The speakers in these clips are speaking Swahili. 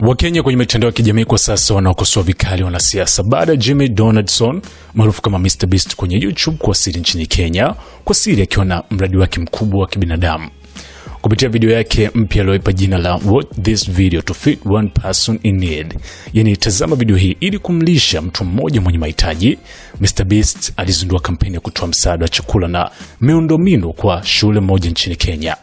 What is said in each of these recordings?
Wakenya kwenye mitandao ya kijamii kwa sasa wanaokosoa vikali wanasiasa baada ya Jimmy Donaldson maarufu kama Mr Beast kwenye YouTube kuwasili nchini Kenya kwa siri akiwa na mradi wake mkubwa wa kibinadamu kupitia video yake mpya aliyoipa jina la Watch this video to fit one person in need, yani tazama video hii ili kumlisha mtu mmoja mwenye mahitaji. Mr Beast alizindua kampeni ya kutoa msaada wa chakula na miundombinu kwa shule moja nchini Kenya.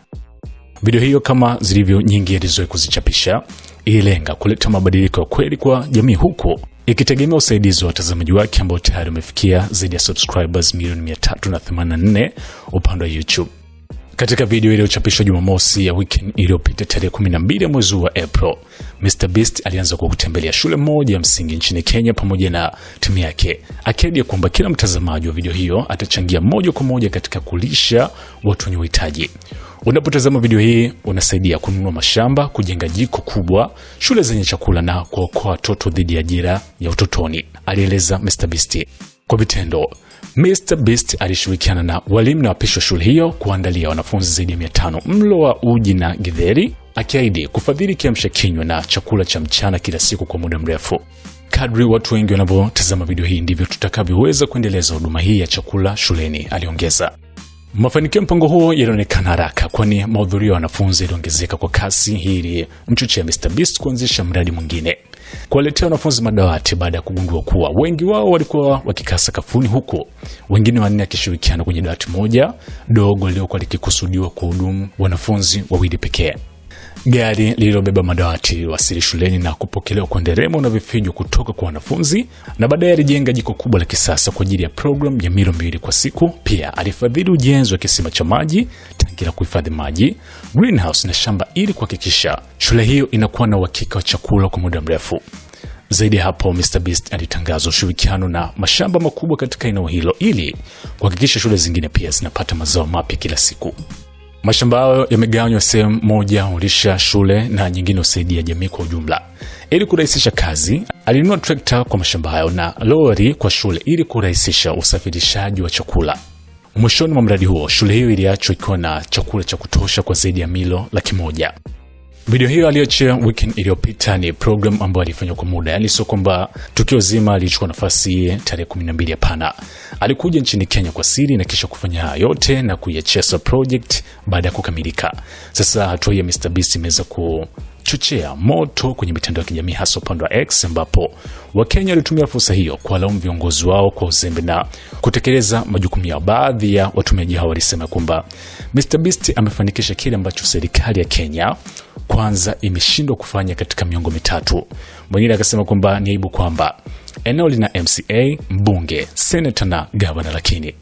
Video hiyo kama zilivyo nyingi alizoe kuzichapisha ilenga kuleta mabadiliko ya kweli kwa jamii huku ikitegemea usaidizi wa watazamaji wake ambao tayari umefikia zaidi ya subscribers milioni 384 upande wa YouTube. Katika video iliyochapishwa Jumamosi ya weekend iliyopita tarehe 12 ya mwezi wa April, Mr Beast alianza kwa kutembelea shule moja ya msingi nchini Kenya pamoja na timu yake, akiahidi kwamba kila mtazamaji wa video hiyo atachangia moja kwa moja katika kulisha watu wenye uhitaji. Unapotazama video hii unasaidia kununua mashamba, kujenga jiko kubwa, shule zenye chakula na kuokoa watoto dhidi ya ajira ya utotoni, alieleza Beast kwa vitendo. Beast alishirikiana na walimu na wapishi wa shule hiyo kuandalia wanafunzi zaidi ya tano mlo wa uji na githeri, akiahidi kufadhili kiamsha kinywa na chakula cha mchana kila siku kwa muda mrefu. Kadri watu wengi wanavyotazama video hii ndivyo tutakavyoweza kuendeleza huduma hii ya chakula shuleni, aliongeza. Mafanikio mpango huo yalionekana haraka, kwani mahudhurio ya wanafunzi yaliongezeka kwa kasi. hili mchuchi Mr Beast kuanzisha mradi mwingine, kuwaletea wanafunzi madawati baada ya kugundua kuwa wengi wao walikuwa wakikaa sakafuni, huku wengine wanne akishirikiana kwenye dawati moja dogo liliokuwa likikusudiwa kuhudumu wanafunzi wawili pekee. Gari lililobeba madawati liliwasili shuleni na kupokelewa kwa nderemo na vifijo kutoka kwa wanafunzi, na baadaye alijenga jiko kubwa la kisasa kwa ajili ya programu ya milo miwili kwa siku. Pia alifadhili ujenzi wa kisima cha maji, tangi la kuhifadhi maji, greenhouse na shamba, ili kuhakikisha shule hiyo inakuwa na uhakika wa chakula kwa muda mrefu. Zaidi ya hapo, MrBeast alitangaza ushirikiano na mashamba makubwa katika eneo hilo ili kuhakikisha shule zingine pia zinapata mazao mapya kila siku. Mashamba hayo yamegawanywa sehemu moja ulisha shule na nyingine usaidia jamii kwa ujumla. Ili kurahisisha kazi, alinunua trekta kwa mashamba hayo na lori kwa shule ili kurahisisha usafirishaji wa chakula. Mwishoni mwa mradi huo, shule hiyo iliachwa ikiwa na chakula cha kutosha kwa zaidi ya milo laki moja. Video hiyo aliyochea weekend iliyopita ni program ambayo alifanywa kwa muda, yaani sio kwamba tukio zima alichukua nafasi tarehe 12. Hapana, alikuja nchini Kenya kwa siri na kisha kufanya haya yote na kuiachia project baada ya kukamilika. Sasa hatua ya Mr Beast imeweza ku kuchochea moto kwenye mitandao ya kijamii hasa upande wa X, ambapo Wakenya walitumia fursa hiyo kuwalaumu viongozi wao kwa uzembe na kutekeleza majukumu yao. Baadhi ya watumiaji hao walisema kwamba Beast amefanikisha kile ambacho serikali ya Kenya kwanza imeshindwa kufanya katika miongo mitatu. Mwingine akasema kwamba ni aibu kwamba eneo lina MCA, mbunge, senata na gavana, lakini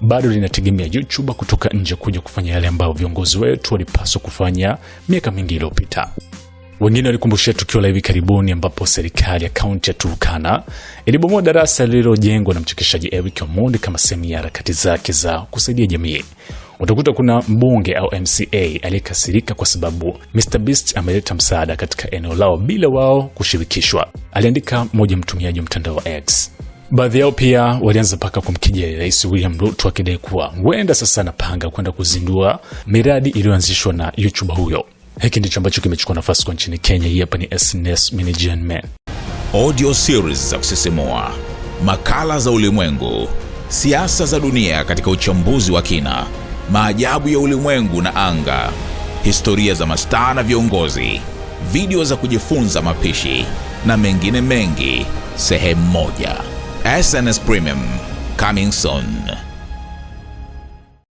bado linategemea YouTube kutoka nje kuja kufanya yale ambayo viongozi wetu walipaswa kufanya miaka mingi iliyopita. Wengine walikumbushia tukio la hivi karibuni ambapo serikali ya kaunti ya Turkana ilibomoa darasa lililojengwa na mchekeshaji Eric Omondi kama sehemu ya harakati zake za kusaidia jamii. Utakuta kuna mbunge au MCA aliyekasirika kwa sababu Mr Beast ameleta msaada katika eneo lao bila wao kushirikishwa, aliandika mmoja mtumiaji wa mtandao wa X. Baadhi yao pia walianza mpaka kumkejeli Rais William Ruto akidai kuwa huenda sasa anapanga kwenda kuzindua miradi iliyoanzishwa na YouTuber huyo. Hiki ndicho ambacho kimechukua nafasi kwa nchini Kenya. Hii hapa ni SnS Managerial Men, audio series za kusisimua, makala za ulimwengu, siasa za dunia katika uchambuzi wa kina, maajabu ya ulimwengu na anga, historia za mastaa na viongozi, video za kujifunza mapishi na mengine mengi, sehemu moja. SnS Premium coming soon.